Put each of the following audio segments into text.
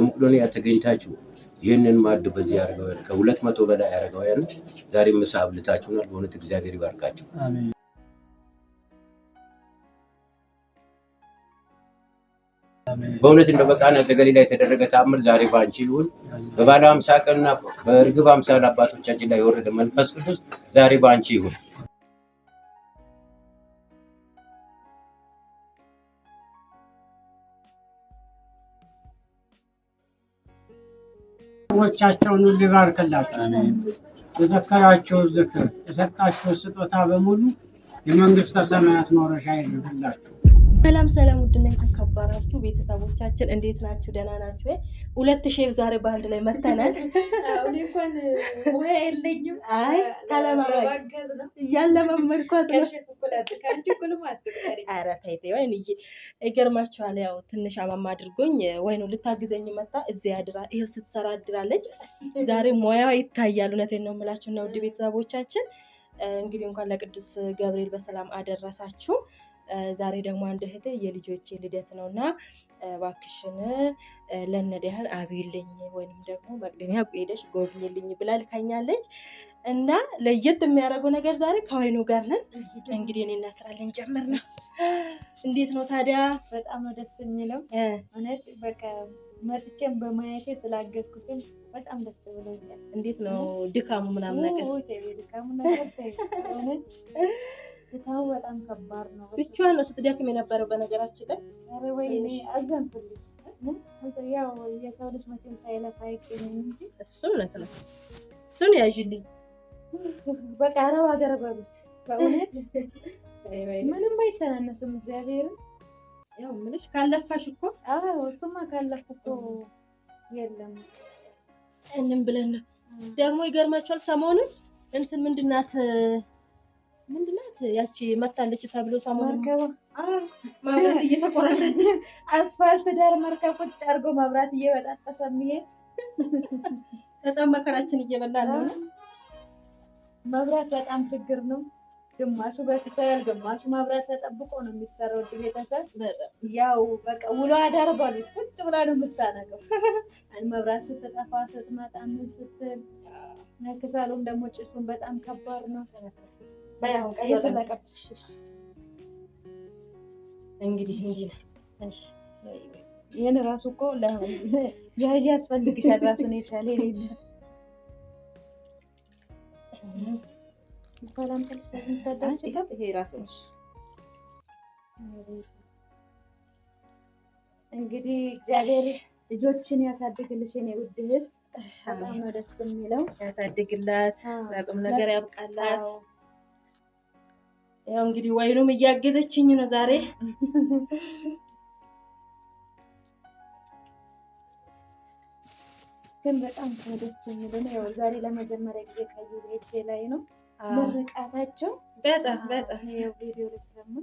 በመቄዶንያ ተገኝታችሁ ይህንን ማዕድ በዚህ አረጋውያን ከሁለት መቶ በላይ አረጋውያን ዛሬ ምሳ አብልታችሁናል። በእውነት እግዚአብሔር ይባርካችሁ። በእውነት እንደ በቃና ዘገሊላ የተደረገ ተአምር ዛሬ በአንቺ ይሁን። በባለ አምሳ ቀንና በርግብ አምሳ አባቶቻችን ላይ የወረደ መንፈስ ቅዱስ ዛሬ በአንቺ ይሁን። ሰዎቻቸውን ሁሉ ይባርክላቸው። የዘከራቸው ዝክር የሰጣቸው ስጦታ በሙሉ የመንግስተ ሰማያት መውረሻ ይድረሳችሁ። ሰላም ሰላም፣ ውድና የተከበራችሁ ቤተሰቦቻችን እንዴት ናችሁ? ደህና ናችሁ? ሁለት ሼፍ ዛሬ በአንድ ላይ መተናል። የለኝም አይ እያለማመድኳት ኧረ ያው ትንሽ አማማ አድርጎኝ ወይኑ ልታግዘኝ መታ እዚህ አድራ ይኸው ስትሰራ አድራለች። ዛሬ ሙያዋ ይታያል። እውነቴን ነው የምላችሁ እና ውድ ቤተሰቦቻችን እንግዲህ እንኳን ለቅዱስ ገብርኤል በሰላም አደረሳችሁ። ዛሬ ደግሞ አንድ እህቴ የልጆች ልደት ነው እና እባክሽን ለነዳያን አብይልኝ ወይም ደግሞ መቅደኒያ ሄደሽ ጎብኝልኝ ብላ ልካኛለች። እና ለየት የሚያደርገው ነገር ዛሬ ከወይኑ ጋር ነን። እንግዲህ እኔ እናስራለን ጀምር ነው። እንዴት ነው ታዲያ? በጣም ደስ የሚለው እውነት በቃ መጥቼም በማየቴ ስላገዝኩትም በጣም ደስ ብሎኛል። እንዴት ነው ድካሙ ምናምን ነገር ድካሙ ነገር ፍትሀው በጣም ከባድ ነው። ብቻዋን ነው ስትደክም የነበረው። በነገራችን ላይ አዘንኩልሽ። ያው የሰው ልጅ መቼም ሳይለፋ አይገኝም እንጂ እሱ እውነት ነው። እሱን ያዥልኝ በቃ አረብ ሀገር በሉት። በእውነት ምንም አይተናነስም። እግዚአብሔርን ያው ምንሽ ካለፋሽ እኮ እሱማ ካለፍ እኮ የለም እንም ብለን ነው ደግሞ ይገርማቸዋል። ሰሞኑን እንትን ምንድናት ምንድናት ያቺ መታለች ተብሎ ሰሞኑን መብራት እየተቆራረጠ አስፋልት ዳር መርከብ ቁጭ አድርጎ መብራት እየበጣጠሰ የሚሄድ በጣም መከራችን እየበላ ነው። መብራት በጣም ችግር ነው። ግማሹ በክሰል ግማሹ መብራት ተጠብቆ ነው የሚሰራው። ድ ቤተሰብ ያው በቃ ውሎ አዳር ባሉት ቁጭ ብላ ነው የምታነገው። መብራት ስትጠፋ ስትመጣ ምን ስትል ክሰሉም ደግሞ ጭሱን በጣም ከባድ ነው። እንግዲህ ይህን ራሱ እኮ ያህያ ያስፈልግሻል። ራሱን የቻለ የሌለ እንግዲህ እግዚአብሔር ልጆችን ያሳድግልሽ የኔ ውድ እህት። በጣም ነው ደስ የሚለው። ያሳድግላት፣ ለቁም ነገር ያብቃላት። ያው እንግዲህ ወይኑም እያገዘችኝ ነው ዛሬ። ግን በጣም ደስ የሚለው ያው ዛሬ ለመጀመሪያ ጊዜ ካዩ ቤት ላይ ነው ምርቃታቸው። በጣም በጣም ያው ቪዲዮ ላይ ደግሞ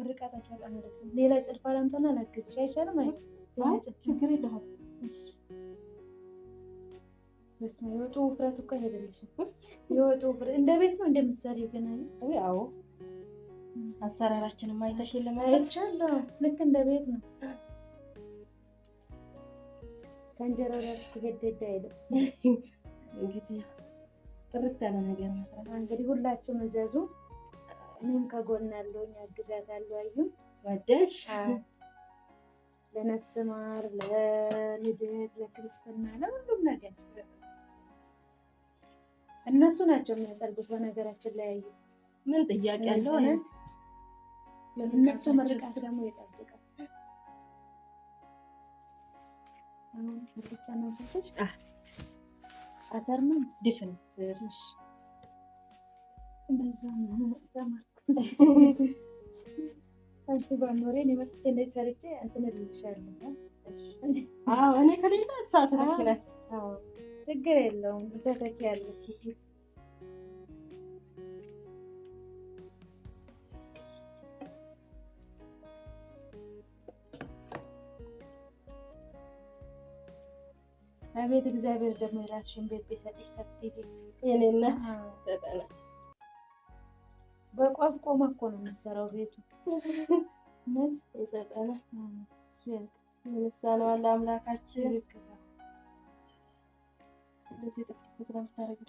ምርቃታቸው በጣም ደስ የሚለው። ሌላ ጭልፋ ላምጣና ላግዝሽ አይቻልም? አይ ችግር የለውም። የወጡ ውፍረት እኮ አይደለሽም። የወጡ ውፍረት እንደ ቤት ነው እንደምትሰሪው ግን አዎ አሰራራችንም አይተሽ የለም አይቻለሁ። ልክ እንደ ቤት ነው። ከእንጀራ ጋር ትገደዳ አይደል? እንግዲህ ጥርት ያለ ነገር መስራት እንግዲህ ሁላችሁም እዘዙ። እኔም ከጎን ያግዛት አግዛታለሁ። አዩ ወደሽ ለነፍስ ማር፣ ለልደት፣ ለክርስትና፣ ለሁሉም ነገር እነሱ ናቸው የሚያጸድጉት። በነገራችን ላይ ምን ጥያቄ አለው? እውነት እነሱ ምርቃት ደግሞ ይጠብቃል። አተር ነው ድፍን ስርሽ አንቺ ባኖሬ እኔ መጥቼ እንደዚህ ሰርቼ እንትን እልልሻለሁ። እኔ ከሌለ እሷ ትተኪያለሽ። ችግር የለውም ትተኪያለሽ። አቤት እግዚአብሔር ደግሞ የራስሽን ቤት ቢሰጥሽ ሰፊ ቤት የኔና ሰጠና እኮ ነው የምትሰራው ቤቱ ነት የሰጠና የነሳነው ዋላ አምላካችን እንደዚህ ጥፍጥፍ ስራ ብታደርግ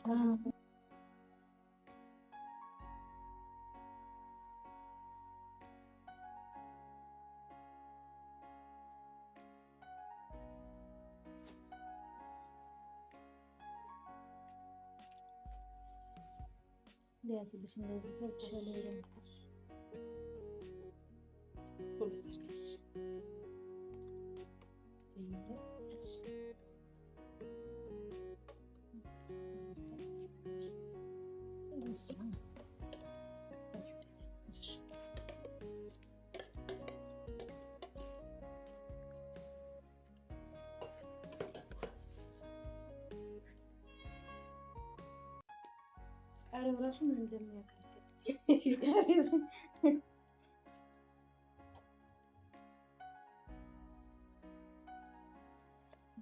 ያዝልሽ እንደዚህ መቃረብ ራሱ ምን እንደሚያካል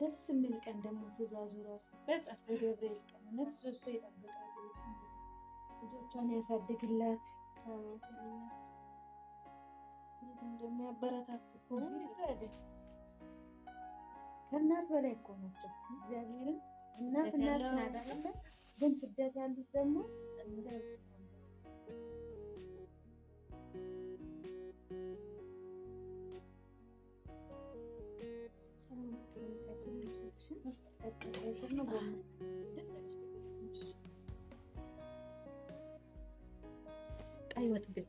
ደስ የሚል ቀን ደግሞ ትእዛዙ ራሱ በጣም የገብርኤል ቀን እውነት የጠበቃት ልጆቿን ያሳድግላት እንደሚያበረታት ከእናት በላይ እኮ ናቸው። እግዚአብሔርን እናት እናት ናት። ግን ስደት ያሉት ደግሞ ቀይ ወጥ ግን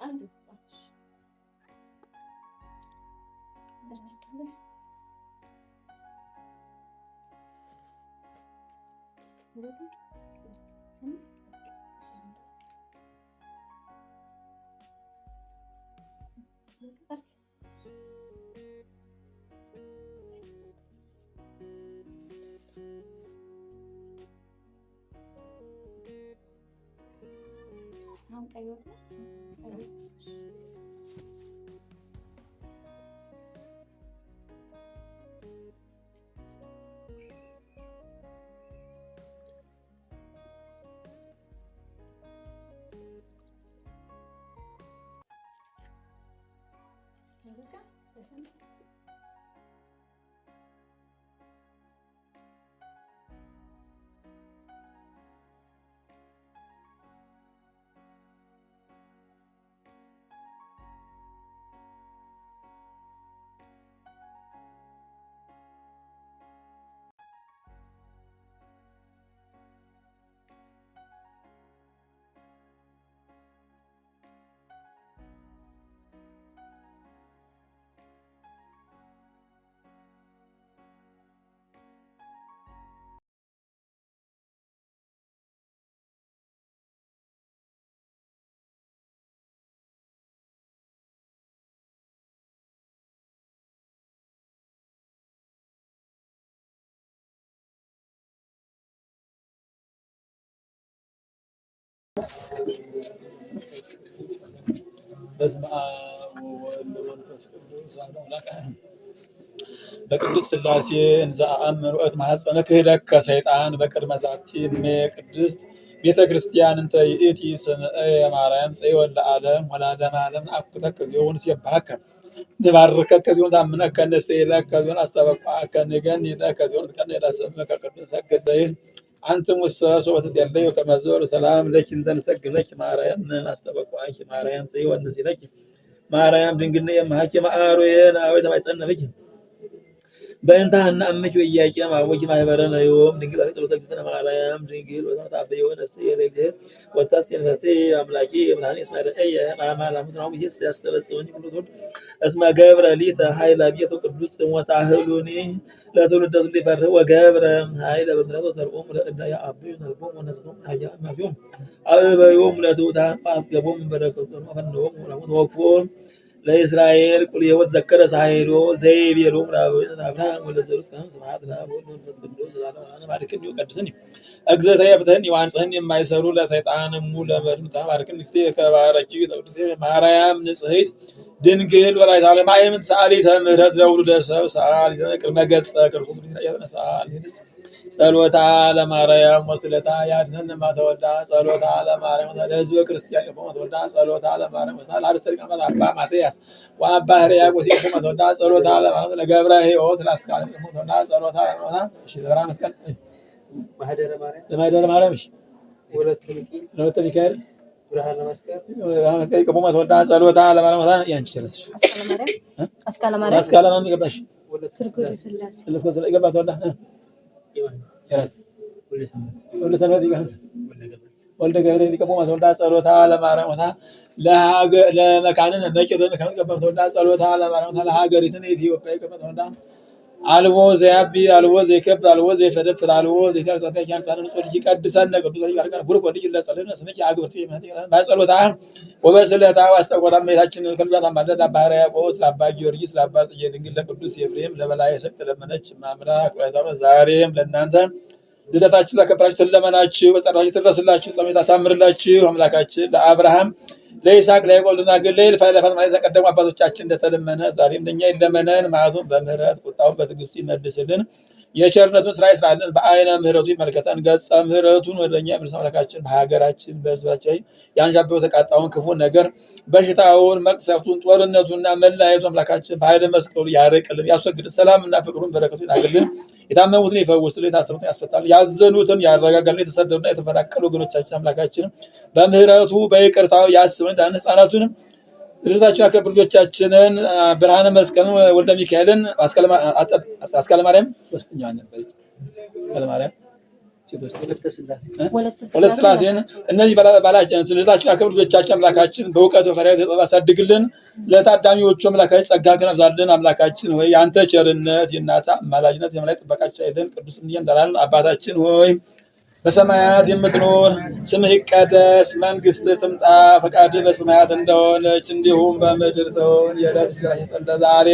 Anladım. Burada. Tamam. Bak አሁን ቀይ በስመ አብ ወወልድ ወመንፈስ ቅዱስ አሐዱ አምላክ። በቅዱስ ሥላሴ እንዘ አእምር ክህደከ ሰይጣን በቅድመ ዛቲ እሜ ቅድስት ቤተ ክርስቲያን እንተ ይእቲ ስምዐ የማርያም ጽዮን ለዓለም ወለዓለመ ዓለም አኩተከ ዚሆን ሲባከ ንባርከከ ዚሆን ታምነከ ንስእለከ ዚሆን አስተበቅዓከ ንገኒለከ ዚሆን ትቀድሰከ ከቅዱስ ዘይን أنتم وساس وقت يلي وتمزور سلام لك إن زن سك لك ما رأينا ناس تبقى ما رأينا سوى النسي ما رأينا بنقلني ما هكى ما أروي أنا ما يسألنا لك በእንታህና እምች በኢያቄም አቡኪ ማኅበረ ነዮም ድንግል ጸሎተ እግዝእትነ ማርያም ድንግል ወተመጣበዮ ነፍስዬ በእግዚአብሔር ወታስጤን ነፍስዬ አምላኬ ብርሃኔ እስመ ረአየ ማማላሙት ይስ ያስተበጽውኝ ሁሉ እስመ ገብረ ሊተ ኃይለ ቤቱ ቅዱስ ወሳህሉኒ ለትውልደ ትውልድ ወገብረ ኃይለ በምሕረቱ ሰርቆም ለእዳ ያአብ ነልቦም ወነስቦም ሀያ ማፊዮም አበበዮም ለትውታ ማስገቦም በረከቱ ፈንዶም ወላሙት ወክፎም ለእስራኤል ቁል የወት ዘከረ ሳሄዶ ዘይብ የሎም ራብራም ወለዘሩ ስም ስብሐት ለመንፈስ ቅዱስ ዛለሆነ ባርክን ይቀድስን እግዘተ የፍትህን የዋንጽህን የማይሰሩ ለሰይጣን ሙ ለመድምታ ባርክን ስ ከባረኪ ቅዱስ ማርያም ንጽሕት ድንግል ወላዲተ ዓለም አይምንት ሰአሊተ ምሕረት ለውሉደ ሰብ ሰአሊተ ቅድመ ገጸ ክርስቶስ ሰአሊ ንስ ጸሎታ ለማርያም ወስለታ ያድነን ማተወዳ ጸሎታ ለማርያም ለህዝበ ክርስቲያን በመተወዳ ጸሎታ ለማርያም ወስለታ ለአርሰሊቅ አባ ማትያስ ወአባ ሕርያቆስ በመተወዳ ጸሎታ ለማርያም ለገብረ ሕይወት ላስካል በመተወዳ ጸሎታ ለማርያም እሺ ዘራ መስቀል ለማህደረ ማርያም እሺ ለወለተ ሚካኤል ጸሎታ ለማርያም ያንቺ ተነስሽ አስካለ ማርያም አስካለ ማርያም ይገባሽ ስልኩ ስላሴ ለስላሴ ይገባ ተወዳ ወልደ ገብረ ሊቀቦማ ተወልዳ ጸሎታ ለማርያም ሆታ ለመካንን መቄዶን ከመቀበል ተወልዳ ጸሎታ ለማርያም ሆታ ለሀገሪትን ኢትዮጵያ የቀመ ተወልዳ አልቦ ዘያቢ አልቦ ዘይከብ አልቦ ዘይፈደፍር አልቦ ይቀድሰነ በጸሎታ ወበስለታ አስጠቆታ እመቤታችን ከብዛት ማለዳ ጊዮርጊስ ድንግል ለቅዱስ ለበላይ ለመነች ዛሬም ትለመናችሁ በጸሎታችሁ ትድረስላችሁ ጸሎት አሳምርላችሁ አምላካችን ለአብርሃም ለይስሐቅ ለያዕቆብ ልናገር ለይል ፈለፈት ማለት ተቀደሙ አባቶቻችን እንደተለመነ ዛሬም ለእኛ ይለመነን መዓቱን በምህረት ቁጣውን በትዕግስት ይመልስልን። የቸርነቱን ስራ ይስራልን በአይነ ምህረቱ ይመልከተን። ገጸ ምህረቱን ወደኛ ምርስ አምላካችን በሀገራችን በህዝባችን የአንዣበበ ተቃጣውን ክፉ ነገር በሽታውን፣ መቅሰፍቱን፣ ጦርነቱና መለያየቱ አምላካችን በሀይለ መስቀሉ ያርቅልን፣ ያስወግድ፣ ሰላምና ፍቅሩን በረከቱ ይናግልን፣ የታመሙትን ይፈውስልን፣ የታሰሩትን ያስፈታል፣ ያዘኑትን ያረጋጋልን። የተሰደዱና የተፈናቀሉ ወገኖቻችን አምላካችን በምህረቱ በይቅርታው ያስብልን። ህፃናቱንም ልጆቻችን አከብር ልጆቻችንን ብርሃነ መስቀል ወልደ ሚካኤልን አስካለ ማርያም ሶስተኛዋ ነበር አስካለ ማርያም ሴቶች ወለተ ስላሴን እነዚህ ባላጭነት ልጆቻችን አከብር ልጆቻችን አምላካችን በእውቀት ፈሪያ አሳድግልን። ለታዳሚዎቹ አምላካችን ጸጋህን አብዛልን። አምላካችን ሆይ የአንተ ቸርነት የእናትህ አማላጅነት የመላይ ጥበቃቸው ይደን ቅዱስ እንዳላልን አባታችን ሆይ በሰማያት የምትኖር ስምህ ይቀደስ፣ መንግስት ትምጣ፣ ፈቃድ በሰማያት እንደሆነች እንዲሁም በምድር ትሁን። የዕለት እንጀራችንን ስጠን ዛሬ፣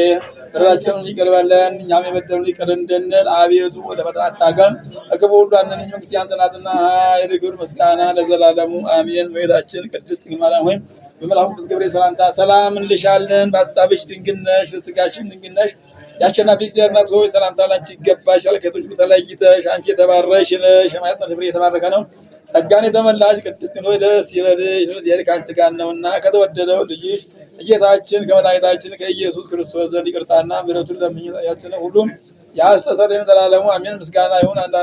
በደላችንን ይቅር በለን እኛም የበደሉንን ይቅር እንድንል፣ አቤቱ ወደ ፈተና አታግባን፣ ከክፉ ሁሉ አድነን፣ መንግሥት ያንተ ናትና፣ ኃይል፣ ክብር፣ ምስጋና ለዘላለሙ አሜን። እመቤታችን ቅድስት ድንግል ማርያም ሆይ በመልአኩ ቅዱስ ገብርኤል ሰላምታ ሰላም እንልሻለን። በአሳብሽ ድንግል ነሽ፣ በሥጋሽም ድንግል ነሽ የአሸናፊ እግዚአብሔር እናት ሆይ ሰላምታ ላንቺ ይገባሻል። ከሴቶች ሁሉ ተለይተሽ አንቺ የተባረክሽ ነሽ፣ የማኅፀንሽ ፍሬ የተባረከ ነው። ጸጋን የተመላሽ ቅድስት ሆይ ደስ ይበልሽ፣ እግዚአብሔር ከአንቺ ጋር ነውና ከተወደደው ልጅሽ ከጌታችን ከመድኃኒታችን ከኢየሱስ ክርስቶስ ዘንድ ይቅርታና ምሕረቱን ለምኝታችን ሁሉም ያስተሰርይን ዘላለሙ አሜን። ምስጋና ይሁን አንድ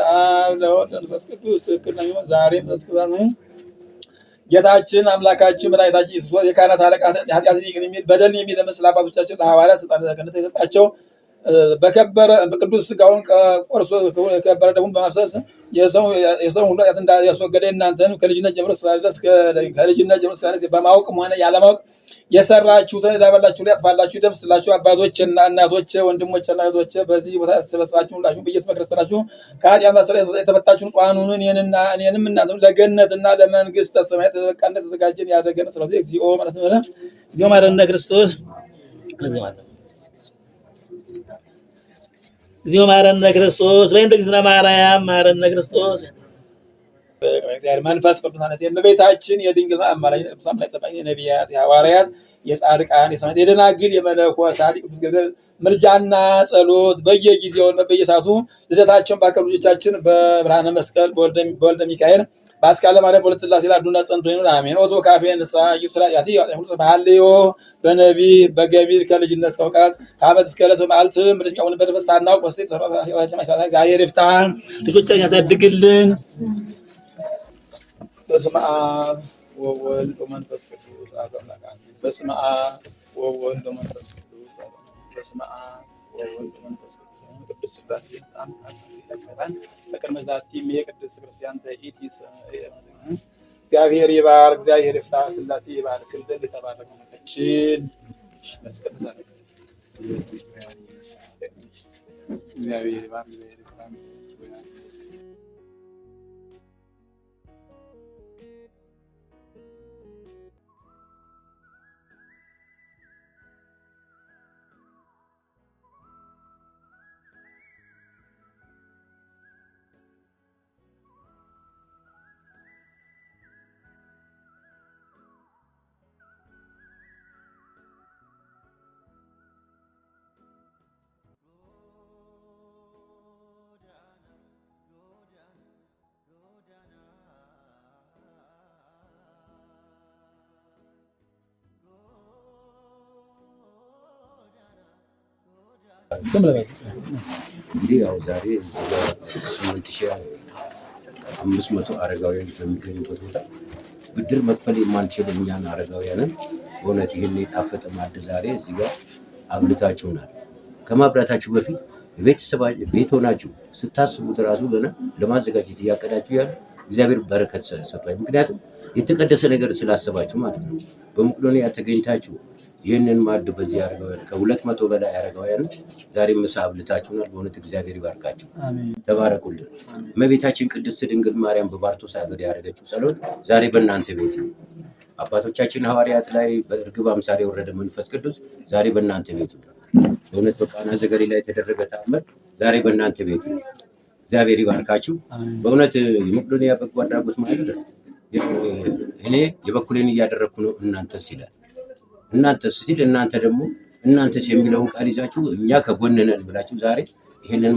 ለአብ ለወልድ ለመንፈስ ቅዱስ ትክክል ነው። ዛሬ መስክራ ነው ጌታችን አምላካችን መድኃኒታችን ኢየሱስ የካህናት አለቃ ኃጢአትን ይቅር የሚል በደልን የሚደመስስ ለአባቶቻችን ለሐዋርያት ስልጣነ ክህነት የሰጣቸው በከበረ ቅዱስ ስጋውን ቆርሶ ከበረ ደግሞ በማፍሰስ የሰው ሁሉ ኃጢአት እንዳስወገደ እናንተን ከልጅነት ጀምሮ ከልጅነት ጀምሮ ስላለስ በማወቅም ሆነ ያለማወቅ የሰራችሁት ላበላችሁ ላይ አጥፋላችሁ ይደብስላችሁ። አባቶች እና እናቶች፣ ወንድሞች እና እህቶች በዚህ ቦታ ተሰበሰባችሁ ሁላችሁ በየስመ ክርስትናችሁ ከኃጢአት መሰረት የተፈታችሁ ጻኑኑን እኔንና እኔንም እናንተም ለገነትና ለመንግስት ተሰማይ ተበቃነት ተዘጋጀን ያደረገን ስለዚህ እግዚኦ ማለት ነው። እግዚኦ ማረነ ክርስቶስ እግዚኦ ማረነ እግዚኦ ማረነ ክርስቶስ ወይም ደግሞ ማርያም ማረነ ክርስቶስ በእግዚአብሔር መንፈስ ቅዱሳነት የእመቤታችን የድንግል አማላጅነት ቅዱሳን ጠባቂ የነቢያት የሐዋርያት የጻድቃን የሰማዕታት የደናግል የመነኮሳት የቅዱስ ገብርኤል ምልጃና ጸሎት በየጊዜውን በየሰዓቱ ልደታቸውን በአካል ልጆቻችን በብርሃነ መስቀል በወልደ ሚካኤል በአስካለ ማርያም በሁለት ስላሴ ላዱና ጸንቶ ይኑር አሜን። ኦቶ ካፌ ንሳ ዩስራያቲ ባህልዮ በነቢ በገቢር ከልጅነት እስከ እውቀት ከዓመት እስከ ዕለት በመዓልት ምድኛ ሁን በድፈት ሳናውቅ ወስጤ ተሰራ እግዚአብሔር ይፍታ ልጆቻችን ያሳድግልን። በስመ አብ ወወልድ ወመንፈስ ቅዱስ አሐዱ አምላክ። በስመ አብ ወወልድ ወመንፈስ ቅዱስ በስመ አብ ወወልድ ወመንፈስ ቅዱስ ቅዱስ ሥላሴ በጣም አሳልፈን በቅድመ ዛቲም የቅድስት ክርስቲያን ተኢቲ እግዚአብሔር ይባርክ፣ እግዚአብሔር ይፍታ፣ ሥላሴ ይባርክ። ክልል የተባረከ መለችን መስቀል እግዚአብሔር ይባርክ። እንግዲህ ያው ዛሬ ስምንት ሺህ አምስት መቶ አረጋውያን በሚገኙበት ቦታ ብድር መክፈል የማንችል እኛን አረጋውያንን በእውነት ይህን የጣፈጠ ማዕድ ዛሬ እዚህ ጋር አብልታችሁናል። ከማብራታችሁ በፊት ቤት ሆናችሁ ስታስቡት እራሱ ገና ለማዘጋጀት እያቀዳችሁ ያለ እግዚአብሔር በረከት ሰጥቷል። ምክንያቱም የተቀደሰ ነገር ስላሰባችሁ ማለት ነው። በመቄዶንያ ተገኝታችሁ ይህንን ማዕድ በዚህ አረጋውያን ከሁለት መቶ በላይ አረጋውያን ዛሬ ምሳ አብልታችሁናል። በእውነት እግዚአብሔር ይባርካችሁ፣ ተባረኩልን። እመቤታችን ቅድስት ድንግል ማርያም በባርቶስ አገር ያደረገችው ጸሎት ዛሬ በእናንተ ቤት ነው። አባቶቻችን ሐዋርያት ላይ በእርግብ አምሳል የወረደ መንፈስ ቅዱስ ዛሬ በእናንተ ቤት ነው። በእውነት በቃና ላይ የተደረገ ተአምር ዛሬ በእናንተ ቤት ነው። እግዚአብሔር ይባርካችሁ። በእውነት የመቄዶንያ በጎ አድራጎት ማለት እኔ የበኩሌን እያደረግኩ ነው እናንተ ይላል እናንተ ስትል እናንተ ደግሞ እናንተስ የሚለውን ቃል ይዛችሁ እኛ ከጎንነን ብላችሁ ዛሬ ይህንን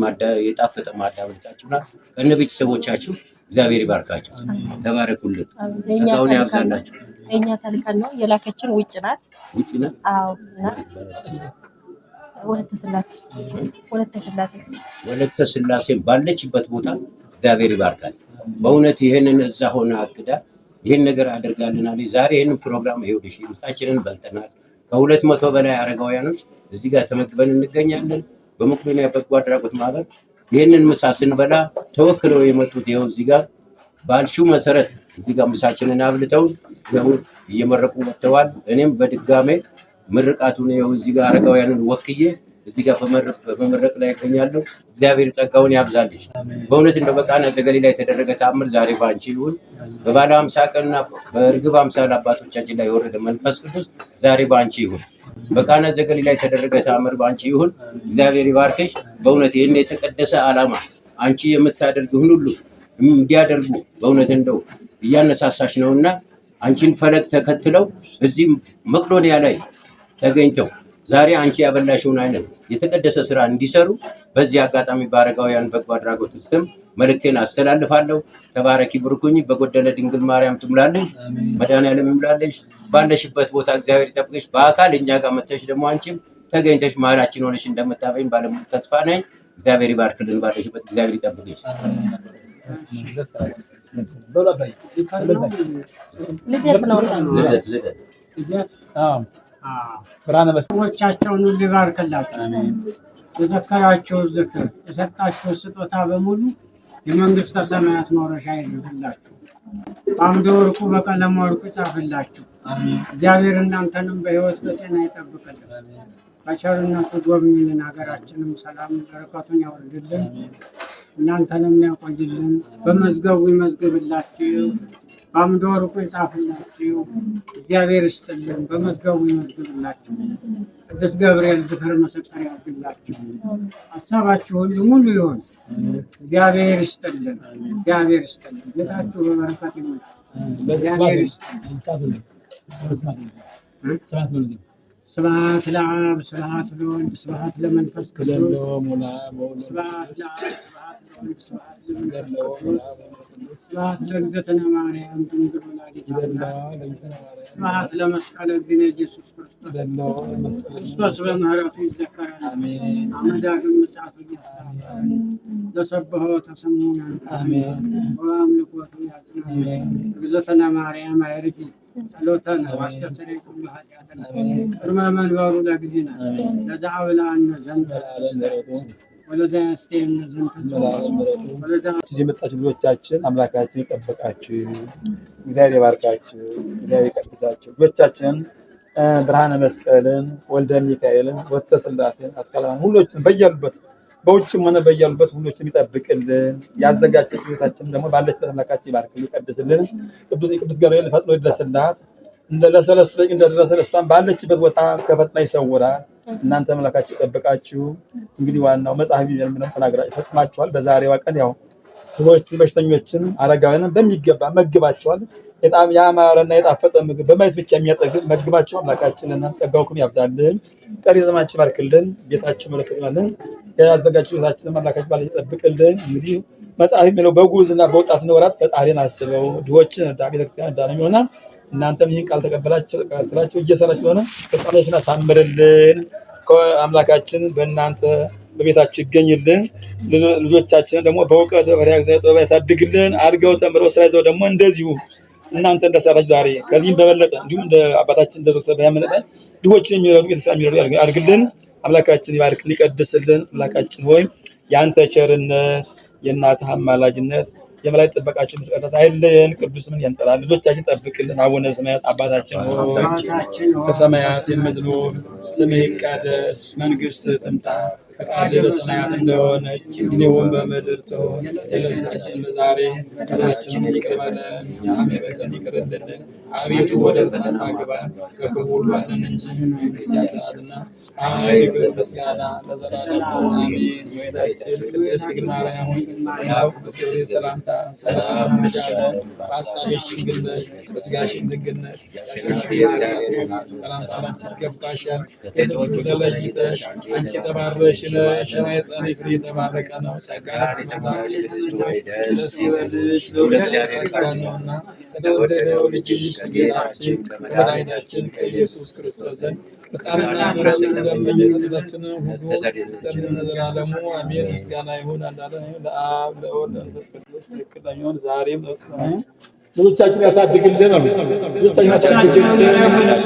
የጣፈጠ ማዳ ብልታችሁና ከነ ቤተሰቦቻችሁ እግዚአብሔር ይባርካችሁ። ተባረኩልን፣ ጸጋውን ያብዛላችሁ። እኛ ተልከን ነው የላከችን ውጭ ናት ውጭ ናት። አዎ ወለተ ስላሴ ወለተ ስላሴ ወለተ ስላሴ ባለችበት ቦታ እግዚአብሔር ይባርካል። በእውነት ይህንን እዛ ሆነ አግዳ ይህን ነገር አድርጋልናል። ዛሬ ይህንን ፕሮግራም ይኸውልሽ ምሳችንን በልተናል። ከሁለት መቶ በላይ አረጋውያኖች እዚህ ጋር ተመግበን እንገኛለን። በመቄዶንያ በጎ አድራጎት ማህበር ይህንን ምሳ ስንበላ ተወክለው የመጡት ይኸው እዚህ ጋር ባልሽው መሰረት እዚህ ጋር ምሳችንን አብልተው እየመረቁ ወጥተዋል። እኔም በድጋሜ ምርቃቱን ይኸው እዚህ ጋር አረጋውያንን ወክዬ እዚህ ጋር በመድረክ ላይ ይገኛለሁ። እግዚአብሔር ጸጋውን ያብዛልሽ። በእውነት እንደ በቃና ዘገሊላ የተደረገ ተአምር ዛሬ በአንቺ ይሁን። በባለ አምሳ ቀንና በእርግብ አምሳ አባቶቻችን ላይ የወረደ መንፈስ ቅዱስ ዛሬ በአንቺ ይሁን። በቃና ዘገሊላ የተደረገ ተአምር በአንቺ ይሁን። እግዚአብሔር ይባርክሽ። በእውነት ይህን የተቀደሰ ዓላማ አንቺ የምታደርጊውን ሁሉ እንዲያደርጉ በእውነት እንደው እያነሳሳሽ ነውና አንቺን ፈለግ ተከትለው እዚህ መቅዶኒያ ላይ ተገኝተው ዛሬ አንቺ ያበላሽውን አይነት የተቀደሰ ስራ እንዲሰሩ በዚህ አጋጣሚ በአረጋውያን በጎ አድራጎት ስም መልእክቴን አስተላልፋለሁ። ተባረኪ ብርኩኝ፣ በጎደለ ድንግል ማርያም ትሙላለች፣ ያለም ይሙላለች። ባለሽበት ቦታ እግዚአብሔር ይጠብቅሽ። በአካል እኛ ጋር መተሽ ደግሞ አንቺም ተገኝተሽ መሀላችን ሆነሽ እንደምታበኝ ባለሙሉ ተስፋ ነኝ። እግዚአብሔር ይባርክልን። ባለሽበት እግዚአብሔር ይጠብቅሽ። ልደት ነው ልደት ብርሃነ መስቦቻቸውን ሁሉ ይባርክላቸው። የዘከራችሁ ዝክር የሰጣችሁ ስጦታ በሙሉ የመንግስተ ሰማያት መውረሻ ይድርግላችሁ። በአምደ ወርቁ በቀለም ወርቁ ይጻፍላችሁ። እግዚአብሔር እናንተንም በህይወት በጤና ይጠብቅልን። በቸርነቱ ጎብኝልን። ሀገራችንም ሰላም በረከቱን ያወርድልን። እናንተንም ያቆይልን። በመዝገቡ ይመዝግብላችሁ። በአምድ ወርቁ የጻፈላችሁ እግዚአብሔር ይስጥልን፣ በመዝገቡ ይመዝግብላችሁ፣ ቅዱስ ገብርኤል ዝክር መሰከር ያድርግላችሁ። ሀሳባችሁ ሁሉ ሙሉ ይሆን። እግዚአብሔር ይስጥልን፣ እግዚአብሔር ይስጥልን። ጌታችሁ በበረከት ይሙላ። እግዚአብሔር ይስጥልን። ስብሐት ለአብ ስብሐት ለወልድ ስብሐት ለመንፈስ ስብሐት ለእግዝእትነ ማርያም ድንግል ወላዲተ አምላክ ስብሐት ለመስቀለ እግዚእነ ኢየሱስ ክርስቶስ ክርስቶስ በምህረቱ ይዘከራል አመዳግም ምጽአቱ ለሰብሖ ተሰሙና አሜን ወአምልኮቱ ያጽናል እግዝእትነ ማርያም አይርጊ ጸሎተነ ዋስተስሪ ኩሉ ኃጢአተነ ቅድመ መንበሩ ለግዚእነ ለዘአብልዐነ ዘንተ የመጣችሁ ልጆቻችን አምላካችን እግዚአብሔር ይባርካችሁ፣ እግዚአብሔር ይቀድሳችሁ። ብርሃነ መስቀልን፣ ወልደ ሚካኤልን፣ ወተ ስላሴን አስካላን ሁሎችን በያሉበት በውጭም ሆነ በያሉበት ሁሎችም የሚጠብቅልን ያዘጋጀ ቤታችን ደግሞ ባለችበት አምላካችን ይባርክ ይቀድስልን። ቅዱስ ቅዱስ ገብርኤል ፈጥኖ ይድረስላት ለሰለስቱ ደቂቅ እንደደረሰ ለእሷን ባለችበት ቦታ ከፈጥና ይሰውራል። እናንተ አምላካችሁ ይጠብቃችሁ። እንግዲህ ዋናው መጽሐፍ የሚለምነው ተናግራ ይፈጽማችኋል። በዛሬዋ ቀን ያው ሰዎችን፣ በሽተኞችን፣ አረጋውያንን በሚገባ መግባቸዋል። በጣም ያማረና የጣፈጠ ምግብ በማየት ብቻ የሚያጠግብ መግባቸው አምላካችን እና ጸጋውኩም ያብዛልን፣ ቀሪ ዘመናችን ባርክልን፣ ጌታችን መለክትናልን ያዘጋጅ ቤታችን አምላካችን ባለ ይጠብቅልን። እንግዲህ መጽሐፍ የሚለው በጉዝ እና በወጣት ወራት ፈጣሪን አስበው ድሆችን እርዳ፣ ቤተክርስቲያን እርዳ ነው የሚሆና እናንተም ይህን ቃል ተቀበላችሁ እየሰራች ስለሆነ ፈጣሪያችን አሳምርልን። አምላካችን በእናንተ በቤታችሁ ይገኝልን። ልጆቻችንን ደግሞ በእውቀት በሪያ ጊዜ ጥበብ ያሳድግልን። አድገው ተምረው ስራ ይዘው ደግሞ እንደዚሁ እናንተ እንደሰራችሁ ዛሬ ከዚህም በበለጠ እንዲሁም እንደ አባታችን እንደ ዶክተር በያመለጠ ድሆችን የሚረዱ ቤተሰብ የሚረዱ አድርግልን። አምላካችን ይባርክ ሊቀድስልን። አምላካችን ሆይ የአንተ ቸርነት፣ የእናትህ አማላጅነት፣ የመላይ ጥበቃችን ምስቀረት አይለየን። ምን ያንጠላ ልጆቻችን ጠብቅልን። አቡነ ሰማያት አባታችን ሆይ ከሰማያት የምትኖር ስምህ ይቀደስ፣ መንግስት ትምጣ ፈቃድ በሰማያት እንደሆነች እንዲሁም በምድር ትሆን። የዕለታችንን ዛሬ በደላችንን ይቅር በለን እኛም የበደሉንን ይቅር እንደምን። አቤቱ ወደ ፈተና አግባን ከክፉ ሁሉ አድነን እንጂ መንግሥት ያንተ ናትና፣ ኃይል፣ ክብር፣ ምስጋና ለዘላለሙ አሜን። እመቤታችን ቅድስት ድንግል ማርያም ሆይ መልአኩ ሰላምታ ሰላም እንልሻለን። በሐሳብሽ ድንግል ነሽ፣ በሥጋሽም ድንግል ነሽ። ሰላምታ ላንቺ ይገባሻል። ከሴቶች ሁሉ ተለይተሽ አንቺ የተባረክሽ የተባረቀ ነው። ከተወደደው ልጅ ከጌታችን ከመድኃኒታችን ከኢየሱስ ክርስቶስ ዘንድ ሁሉ ዘላለሙ አሜን። ምስጋና ይሁን አንዳለ ለአብ ለወልድ ለመንፈስ ቅዱስ ትክክለኛውን ዛሬም ያሳድግልን አሉ። ያሳድግልን